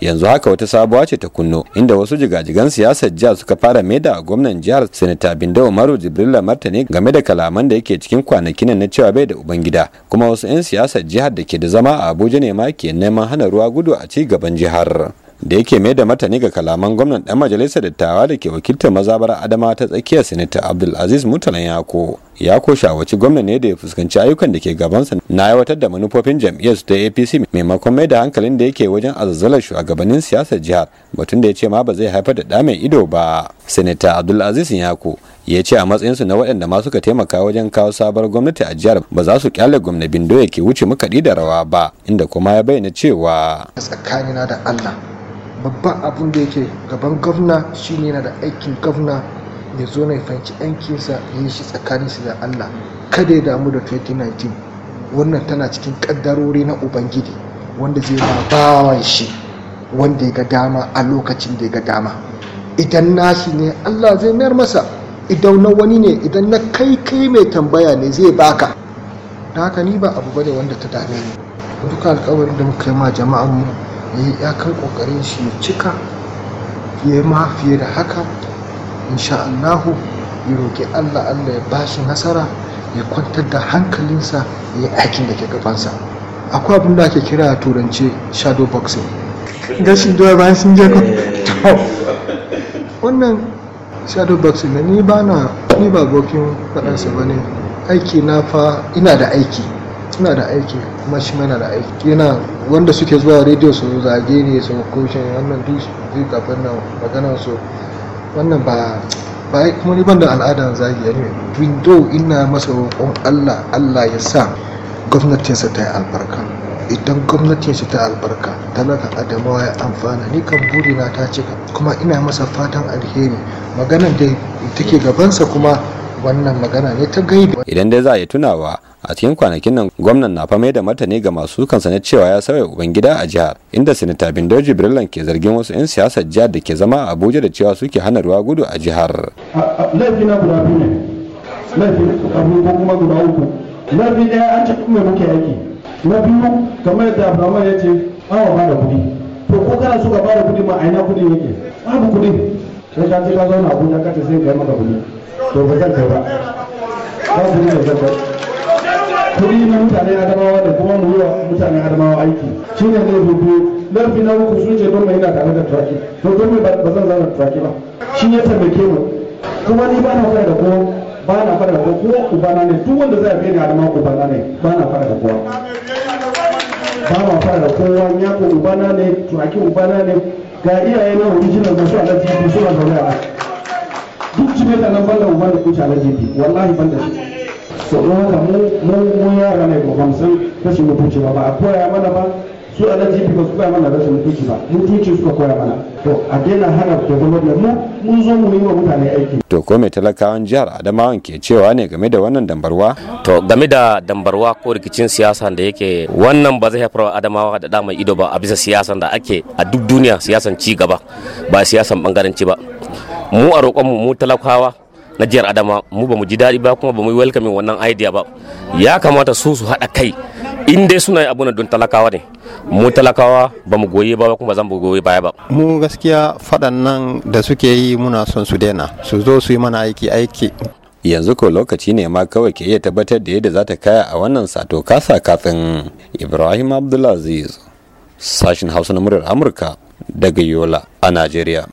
yanzu haka wata sabuwa ce ta kunno inda wasu jigajigan siyasar jihar suka fara maida gwamnan jihar sanata binda umaru jibrila martani game da kalaman da yake cikin kwanakin na cewa bai da ubangida kuma wasu 'yan siyasar jihar da ke da zama a abuja ne ma ke neman hana ruwa gudu a ci gaban jihar da yake mai da martani ga kalaman gwamnan dan majalisar dattawa da ke wakiltar mazabar adama ta tsakiyar sinita abdulaziz mutalan yako ya ko shawarci gwamnan ne da ya fuskanci ayyukan da ke gabansa na aiwatar da manufofin jam'iyyar su ta apc maimakon mai da hankalin da yake wajen azazzalar shugabannin siyasar jihar batun da ya ce ma ba zai haifar da ɗa mai ido ba sinita abdulaziz yako ya ce a matsayinsu na waɗanda ma suka taimaka wajen kawo sabar gwamnati a jihar ba za su kyale gwamna bindo ya ke wuce makaɗi da rawa ba inda kuma ya bayyana cewa tsakanina da allah babban abin da yake gaban gwamna shine yana da aikin gwamna ya zo na fahimci 'yankinsa ya yi shi tsakaninsa da allah kada ya damu da 2019 wannan tana cikin kaddarori na ubangiji wanda zai ma bawan shi wanda ya ga dama a lokacin da ya ga dama idan nashi ne allah zai mayar masa idan na wani ne idan na kai kai mai tambaya ne zai baka da haka ni ba abu bane wanda ta dame ni duka alkawarin da muka yi ma jama'an mu ya yi iyakan ƙoƙarin shi ya cika fiye ma fiye da haka insha Allahu ya roƙi Allah Allah ya ba shi nasara ya kwantar da hankalinsa ya yi aikin da ke gabansa akwai abin da ake kira a turance shadow boxing gashin doya bayan sun je ka wannan shadow boxing na ni ba na ni ba gokin faɗansa ba ne aiki na fa ina da aiki ina da aiki kuma shi mana da aiki yana wanda suke zuwa rediyo su zage ne su kushe wannan duk zai kafin nan magana su wannan ba ba kuma ni ban da al'adar zagi ne Bindo ina masa roƙon Allah Allah ya sa gwamnatinsa ta yi albarka idan gwamnatinsa ta yi albarka talaka adama ya amfana ni kan burina ta cika kuma ina masa fatan alheri maganan da take gabansa kuma wannan magana ne ta gaibi idan dai za a yi tunawa a cikin kwanakin nan gwamnan na fama da martani ga masu kansa na cewa ya sauya ubangida a jihar inda sinita bindo jibrillan ke zargin wasu 'yan siyasar jihar da ke zama a abuja da cewa suke hana ruwa gudu a jihar laifi na guda biyu ne laifin abubuwan kuma guda uku laifi ɗaya an ce kuma muke yaki na biyu kamar yadda abraman ya ce awa ba da kuɗi to ko kana so ka ba da kuɗi ma aina kuɗi yake babu kuɗi sai ka ji ka zauna abuja ka ce sai kai maka kuɗi to ba zan kai ba ba su ne da zan kai kuɗi na mutanen adamawa da kuma mu yi wa mutanen adamawa aiki shi ne zai bibiyo larfi na uku sun ce don mai yana tare da turaki to don mai ba zan zama turaki ba shi ya taimake mu kuma ni ba na fara da kowa ba na fara da kowa ubana ne duk wanda zai fi ni adama ubana ne ba na fara da kowa ba na fara da kowa nyako ubana ne turaki ubana ne ga iyaye na original na ne kanan ban da da kuce ala jibi wallahi ban da shi so don haka mu mu yara ne ba hamsin rashin mutunci ba ba a koya mana ba su ala jibi ba su koya mana rashin mutunci ba mutunci suka koya mana to a daina hana da mu mun zo mu yi wa mutane aiki to ko mai talakawan jihar adamawan ke cewa ne game da wannan dambarwa to game da dambarwa ko rikicin siyasa da yake wannan ba zai haifar adamawa da da mai ido ba a bisa siyasan da ake a duk duniya siyasan ci gaba ba siyasan bangaranci ba mu a roƙonmu mu talakawa na jihar adama mu ba mu ji daɗi ba kuma ba mu welcoming wannan idea ba ya kamata su su haɗa kai in dai suna abu na don talakawa ne mu talakawa ba mu goyi ba kuma zan baya ba mu gaskiya faɗan nan da suke yi muna son su daina su zo su yi mana aiki aiki yanzu ko lokaci ne ma kawai ke iya tabbatar da yadda za ta kaya a wannan sato kasa kafin ibrahim abdulaziz sashin hausa na muryar amurka daga yola a najeriya